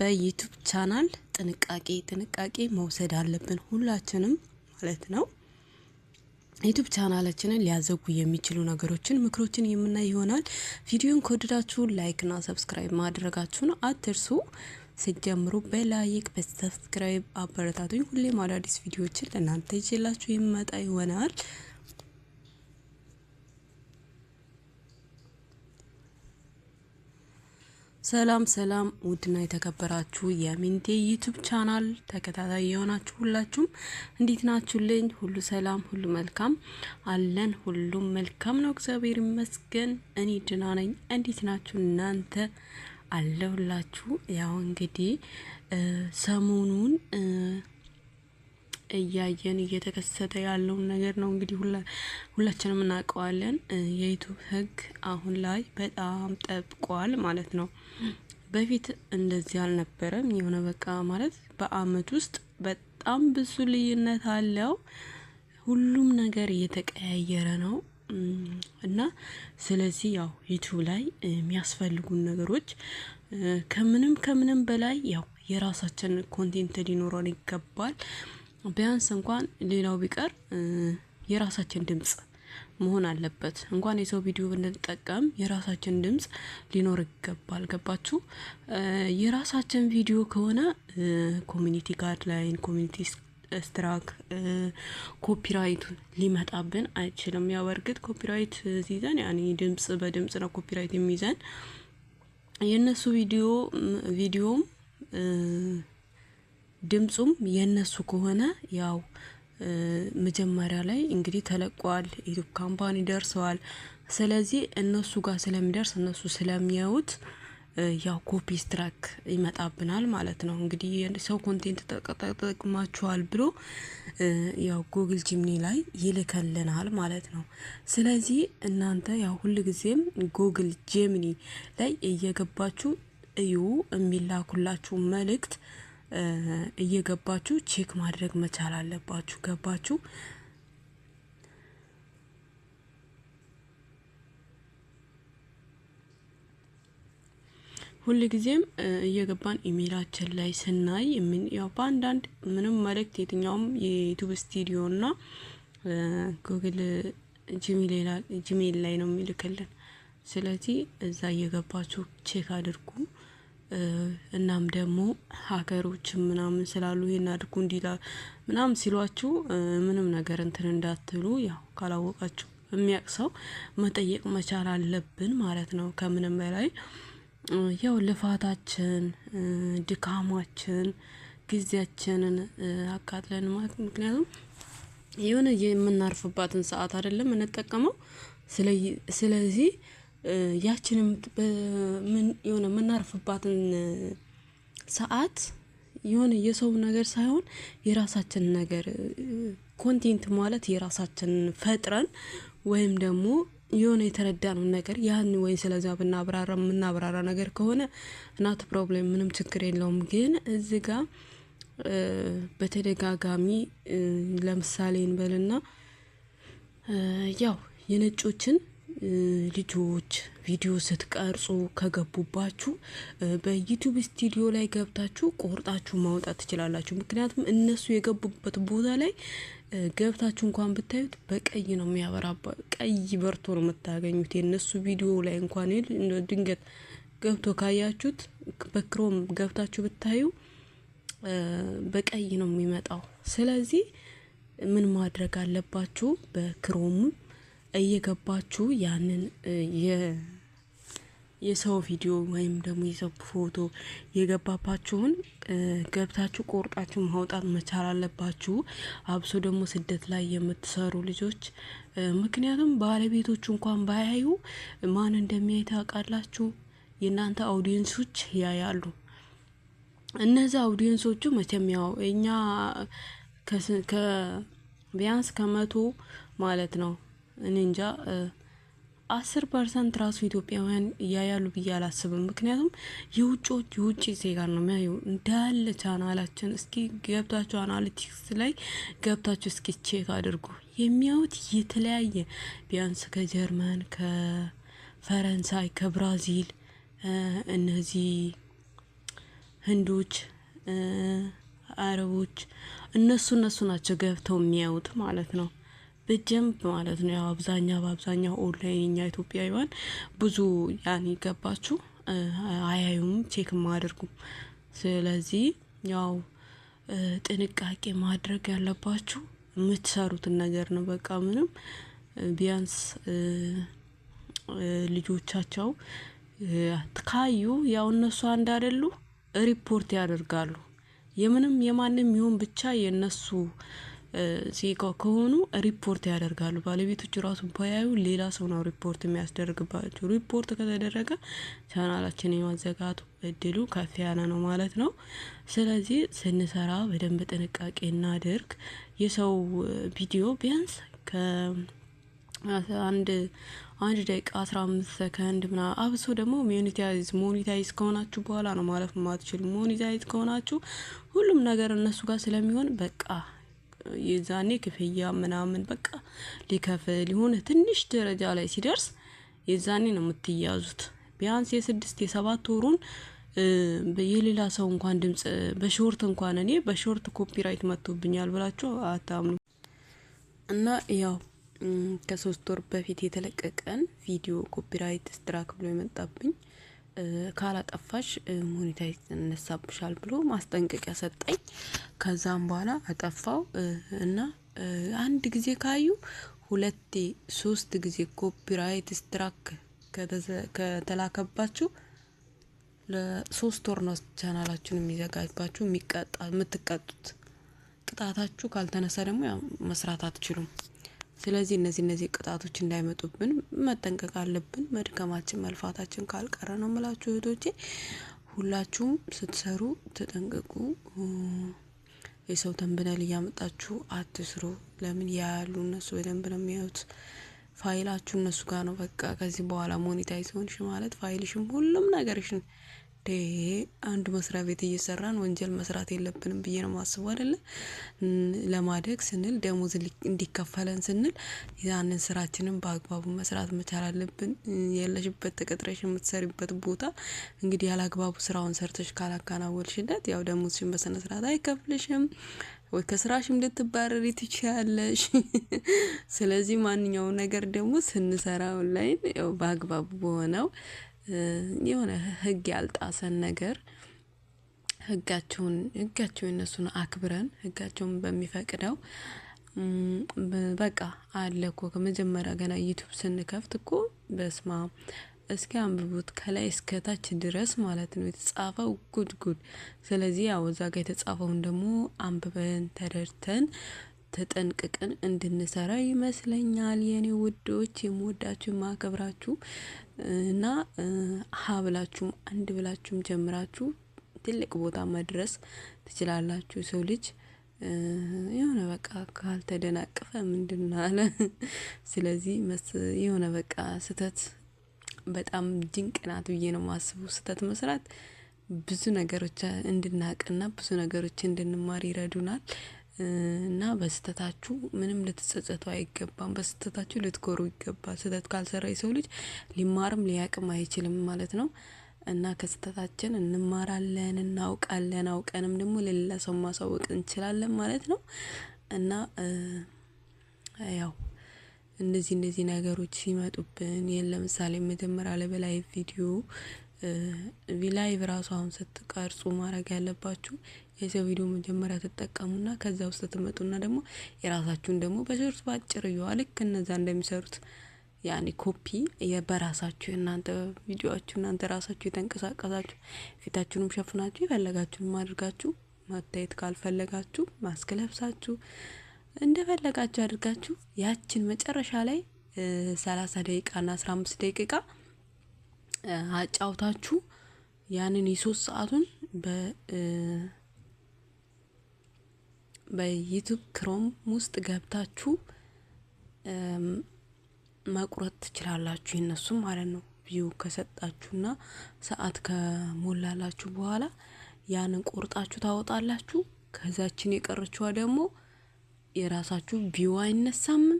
በዩቱብ ቻናል ጥንቃቄ ጥንቃቄ መውሰድ አለብን ሁላችንም ማለት ነው። ዩቱብ ቻናላችንን ሊያዘጉ የሚችሉ ነገሮችን ምክሮችን የምናይ ይሆናል። ቪዲዮን ከወደዳችሁ ላይክና ሰብስክራይብ ማድረጋችሁን አትርሱ። ስጀምሩ በላይክ በሰብስክራይብ አበረታቱኝ። ሁሌም አዳዲስ ቪዲዮችን ለእናንተ ይዤላችሁ ይመጣ ይሆናል። ሰላም ሰላም ውድና የተከበራችሁ የሚንቴ ዩቱብ ቻናል ተከታታይ የሆናችሁ ሁላችሁም እንዴት ናችሁልኝ? ሁሉ ሰላም፣ ሁሉ መልካም አለን። ሁሉም መልካም ነው፣ እግዚአብሔር ይመስገን። እኔ ድና ነኝ። እንዴት ናችሁ እናንተ? አለሁላችሁ። ያው እንግዲህ ሰሞኑን እያየን እየተከሰተ ያለውን ነገር ነው። እንግዲህ ሁላችንም እናውቀዋለን። የዩቱብ ህግ አሁን ላይ በጣም ጠብቋል ማለት ነው። በፊት እንደዚህ አልነበረም። የሆነ በቃ ማለት በአመት ውስጥ በጣም ብዙ ልዩነት አለው። ሁሉም ነገር እየተቀያየረ ነው እና ስለዚህ ያው ዩቱብ ላይ የሚያስፈልጉን ነገሮች ከምንም ከምንም በላይ ያው የራሳችን ኮንቴንት ሊኖረን ይገባል። ቢያንስ እንኳን ሌላው ቢቀር የራሳችን ድምጽ መሆን አለበት። እንኳን የሰው ቪዲዮ ብንጠቀም የራሳችን ድምጽ ሊኖር ይገባል። ገባችሁ? የራሳችን ቪዲዮ ከሆነ ኮሚኒቲ ጋድላይን፣ ኮሚኒቲ ስትራክ፣ ኮፒራይቱ ሊመጣብን አይችልም። ያው በእርግጥ ኮፒራይት ሲይዘን ያኔ ድምጽ በድምጽ ነው ኮፒራይት የሚይዘን የእነሱ ቪዲዮ ቪዲዮም ድምፁም የነሱ ከሆነ ያው መጀመሪያ ላይ እንግዲህ ተለቋል፣ ዩቱብ ካምፓኒ ደርሰዋል። ስለዚህ እነሱ ጋር ስለሚደርስ እነሱ ስለሚያዩት ያው ኮፒ ስትራክ ይመጣብናል ማለት ነው። እንግዲህ ሰው ኮንቴንት ተጠቅማችኋል ብሎ ያው ጉግል ጂምኒ ላይ ይልከልናል ማለት ነው። ስለዚህ እናንተ ያው ጊዜም ጉግል ጂምኒ ላይ እየገባችሁ እዩ የሚላኩላችሁ መልእክት እየገባችሁ ቼክ ማድረግ መቻል አለባችሁ። ገባችሁ? ጊዜም እየገባን ኢሜይላችን ላይ ስናይ ያው በአንዳንድ ምንም መልእክት የትኛውም የዩቱብ ስቱዲዮ እና ጉግል ጂሜል ላይ ነው የሚልክልን። ስለዚህ እዛ እየገባችሁ ቼክ አድርጉ። እናም ደግሞ ሀገሮች ምናምን ስላሉ ይሄን አድርጉ እንዲላ ምናምን ሲሏችሁ ምንም ነገር እንትን እንዳትሉ ያው ካላወቃችሁ የሚያቅ ሰው መጠየቅ መቻል አለብን ማለት ነው። ከምንም በላይ ያው ልፋታችን ድካማችን ጊዜያችንን አቃጥለን ማለት ምክንያቱም የሆነ የምናርፍባትን ሰዓት አይደለም እንጠቀመው ስለዚህ ያችንም የሆነ የምናርፍባትን ሰዓት የሆነ የሰው ነገር ሳይሆን የራሳችን ነገር ኮንቴንት ማለት የራሳችን ፈጥረን ወይም ደግሞ የሆነ የተረዳነው ነገር ያን ወይም ስለዚያ ብናብራራ የምናብራራ ነገር ከሆነ እናት ፕሮብሌም ምንም ችግር የለውም። ግን እዚ ጋ በተደጋጋሚ ለምሳሌ እንበልና ያው የነጮችን ልጆች ቪዲዮ ስትቀርጹ ከገቡባችሁ በዩቱብ ስቱዲዮ ላይ ገብታችሁ ቆርጣችሁ ማውጣት ትችላላችሁ። ምክንያቱም እነሱ የገቡበት ቦታ ላይ ገብታችሁ እንኳን ብታዩት በቀይ ነው የሚያበራባ፣ ቀይ በርቶ ነው የምታገኙት። የእነሱ ቪዲዮ ላይ እንኳን ድንገት ገብቶ ካያችሁት በክሮም ገብታችሁ ብታዩ በቀይ ነው የሚመጣው። ስለዚህ ምን ማድረግ አለባችሁ? በክሮሙ እየገባችሁ ያንን የሰው ቪዲዮ ወይም ደግሞ የሰው ፎቶ የገባባችሁን ገብታችሁ ቆርጣችሁ ማውጣት መቻል አለባችሁ። አብሶ ደግሞ ስደት ላይ የምትሰሩ ልጆች፣ ምክንያቱም ባለቤቶቹ እንኳን ባያዩ ማን እንደሚያይ ታውቃላችሁ። የእናንተ አውዲየንሶች ያያሉ። እነዚህ አውዲየንሶቹ መቼም ያው እኛ ቢያንስ ከመቶ ማለት ነው እኔ እንጃ አስር ፐርሰንት ራሱ ኢትዮጵያውያን እያያሉ ብዬ አላስብም። ምክንያቱም የውጭዎች የውጭ ዜጋ ነው የሚያዩ እንዳለ ቻናላችን። እስኪ ገብታችሁ አናሊቲክስ ላይ ገብታችሁ እስኪ ቼክ አድርጉ። የሚያዩት የተለያየ ቢያንስ ከጀርመን፣ ከፈረንሳይ፣ ከብራዚል እነዚህ ህንዶች፣ አረቦች እነሱ እነሱ ናቸው ገብተው የሚያዩት ማለት ነው። በደንብ ማለት ነው። ያው አብዛኛ በአብዛኛው ኦንላይን እኛ ኢትዮጵያውያን ብዙ ያን ይገባችሁ አያዩም፣ ቼክም አያደርጉም። ስለዚህ ያው ጥንቃቄ ማድረግ ያለባችሁ የምትሰሩትን ነገር ነው። በቃ ምንም ቢያንስ ልጆቻቸው ካዩ ያው እነሱ አንድ አይደሉ ሪፖርት ያደርጋሉ። የምንም የማንም ይሁን ብቻ የእነሱ ሲቃ ከሆኑ ሪፖርት ያደርጋሉ። ባለቤቶች ራሱን በያዩ ሌላ ሰው ነው ሪፖርት የሚያስደርግባቸው። ሪፖርት ከተደረገ ቻናላችን የማዘጋቱ እድሉ ከፍ ያለ ነው ማለት ነው። ስለዚህ ስንሰራ በደንብ ጥንቃቄ እናድርግ። የሰው ቪዲዮ ቢያንስ ከ አንድ አንድ ደቂቃ አስራ አምስት ሰከንድ ምና አብሶ ደግሞ ሞኒታይዝ ሞኒታይዝ ከሆናችሁ በኋላ ነው ማለፍ ማትችል። ሞኒታይዝ ከሆናችሁ ሁሉም ነገር እነሱ ጋር ስለሚሆን በቃ የዛኔ ክፍያ ምናምን በቃ ሊከፍል የሆነ ትንሽ ደረጃ ላይ ሲደርስ የዛኔ ነው የምትያዙት። ቢያንስ የስድስት የሰባት ወሩን የሌላ ሰው እንኳን ድምጽ በሾርት እንኳን እኔ በሾርት ኮፒራይት መጥቶብኛል ብላችሁ አታምኑ። እና ያው ከሶስት ወር በፊት የተለቀቀን ቪዲዮ ኮፒራይት ስትራክ ብሎ የመጣብኝ ካላጠፋሽ ሞኔታይዝ እነሳብሻል ብሎ ማስጠንቀቂያ ሰጠኝ። ከዛም በኋላ አጠፋው እና አንድ ጊዜ ካዩ ሁለቴ ሶስት ጊዜ ኮፒራይት ስትራክ ከተላከባችሁ ለሶስት ወር ነው ቻናላችሁን የሚዘጋጅባችሁ የምትቀጡት። ቅጣታችሁ ካልተነሳ ደግሞ መስራት አትችሉም። ስለዚህ እነዚህ እነዚህ ቅጣቶች እንዳይመጡብን መጠንቀቅ አለብን። መድከማችን መልፋታችን ካልቀረ ነው ምላችሁ እህቶቼ። ሁላችሁም ስትሰሩ ተጠንቀቁ። የሰው ተንብነል እያመጣችሁ አትስሩ። ለምን ያያሉ እነሱ በደንብ ነው የሚያዩት። ፋይላችሁ እነሱ ጋር ነው። በቃ ከዚህ በኋላ ሞኔታይዝ ሆንሽ ማለት ፋይልሽም ሁሉም ነገርሽን ይሄ አንድ መስሪያ ቤት እየሰራን ወንጀል መስራት የለብንም ብዬ ነው ማስቡ አይደለ? ለማደግ ስንል ደሞዝ እንዲከፈለን ስንል ያንን ስራችንን በአግባቡ መስራት መቻል አለብን። የለሽበት ተቀጥረሽ የምትሰሪበት ቦታ እንግዲህ ያላግባቡ ስራውን ሰርተሽ ካላከናወንሽለት ያው ደሞዝሽን በስነ ስርዓት አይከፍልሽም ወይ ከስራሽም ልትባረሪ ትችያለሽ። ስለዚህ ማንኛውም ነገር ደግሞ ስንሰራ ኦንላይን ያው በአግባቡ በሆነው የሆነ ህግ ያልጣሰን ነገር ህጋቸውን ህጋቸው የነሱን አክብረን ህጋቸውን በሚፈቅደው በቃ አለ እኮ ከመጀመሪያ ገና ዩቱብ ስንከፍት እኮ በስማ እስኪ አንብቡት ከላይ እስከ ታች ድረስ ማለት ነው የተጻፈው ጉድ ጉድ። ስለዚህ ያው እዛ ጋ የተጻፈውን ደግሞ አንብበን ተደርተን ተጠንቅቅን እንድንሰራ ይመስለኛል። የኔ ውዶች የምወዳችሁ የማከብራችሁ እና ሀ ብላችሁም አንድ ብላችሁም ጀምራችሁ ትልቅ ቦታ መድረስ ትችላላችሁ። የሰው ልጅ የሆነ በቃ ካልተደናቀፈ ምንድን አለ። ስለዚህ የሆነ በቃ ስህተት በጣም ድንቅ ናት ብዬ ነው የማስበው። ስህተት መስራት ብዙ ነገሮች እንድናቅና ብዙ ነገሮች እንድንማር ይረዱናል። እና በስህተታችሁ ምንም ልትጸጸቱ አይገባም። በስህተታችሁ ልትኮሩ ይገባል። ስህተት ካልሰራ የሰው ልጅ ሊማርም ሊያቅም አይችልም ማለት ነው። እና ከስህተታችን እንማራለን፣ እናውቃለን፣ አውቀንም ደግሞ ለሌላ ሰው ማሳወቅ እንችላለን ማለት ነው። እና ያው እንደዚህ እንደዚህ ነገሮች ሲመጡብን ይህን ለምሳሌ መጀመሪያ ለበላይ ቪዲዮ ላይቭ ራሱ አሁን ስትቀርጹ ማድረግ ያለባችሁ የሰው ቪዲዮ መጀመሪያ ትጠቀሙና ከዛ ውስጥ ትመጡና ደግሞ የራሳችሁን ደግሞ በሾርት ባጭር እዩዋ። ልክ እነዛ እንደሚሰሩት ያኔ ኮፒ በራሳችሁ እናንተ ቪዲዮችሁ እናንተ ራሳችሁ የተንቀሳቀሳችሁ ፊታችሁንም ሸፍናችሁ የፈለጋችሁንም አድርጋችሁ መታየት ካልፈለጋችሁ ማስክ ለብሳችሁ እንደፈለጋችሁ አድርጋችሁ ያችን መጨረሻ ላይ ሰላሳ ደቂቃ ና አስራ አምስት ደቂቃ አጫውታችሁ ያንን የሶስት ሰዓቱን በዩቱብ ክሮም ውስጥ ገብታችሁ መቁረጥ ትችላላችሁ። የነሱም ማለት ነው ቪው ከሰጣችሁና ሰዓት ከሞላላችሁ በኋላ ያንን ቆርጣችሁ ታወጣላችሁ። ከዛችን የቀረችዋ ደግሞ የራሳችሁ ቪው አይነሳምም፣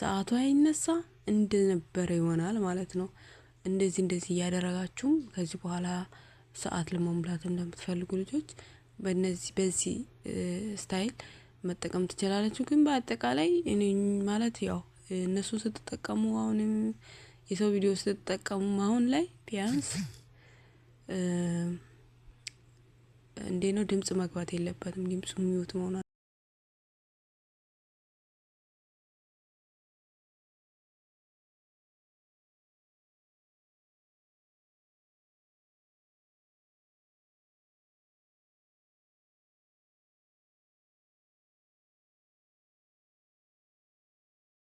ሰዓቱ አይነሳ እንደነበረ ይሆናል ማለት ነው። እንደዚህ እንደዚህ እያደረጋችሁም ከዚህ በኋላ ሰዓት ለመሙላት እንደምትፈልጉ ልጆች በነዚህ በዚህ ስታይል መጠቀም ትችላለችሁ። ግን በአጠቃላይ ማለት ያው እነሱ ስትጠቀሙ አሁን የሰው ቪዲዮ ስትጠቀሙ አሁን ላይ ቢያንስ እንዴ ነው ድምጽ መግባት የለበትም። ድምጹ ሚውት መሆኗል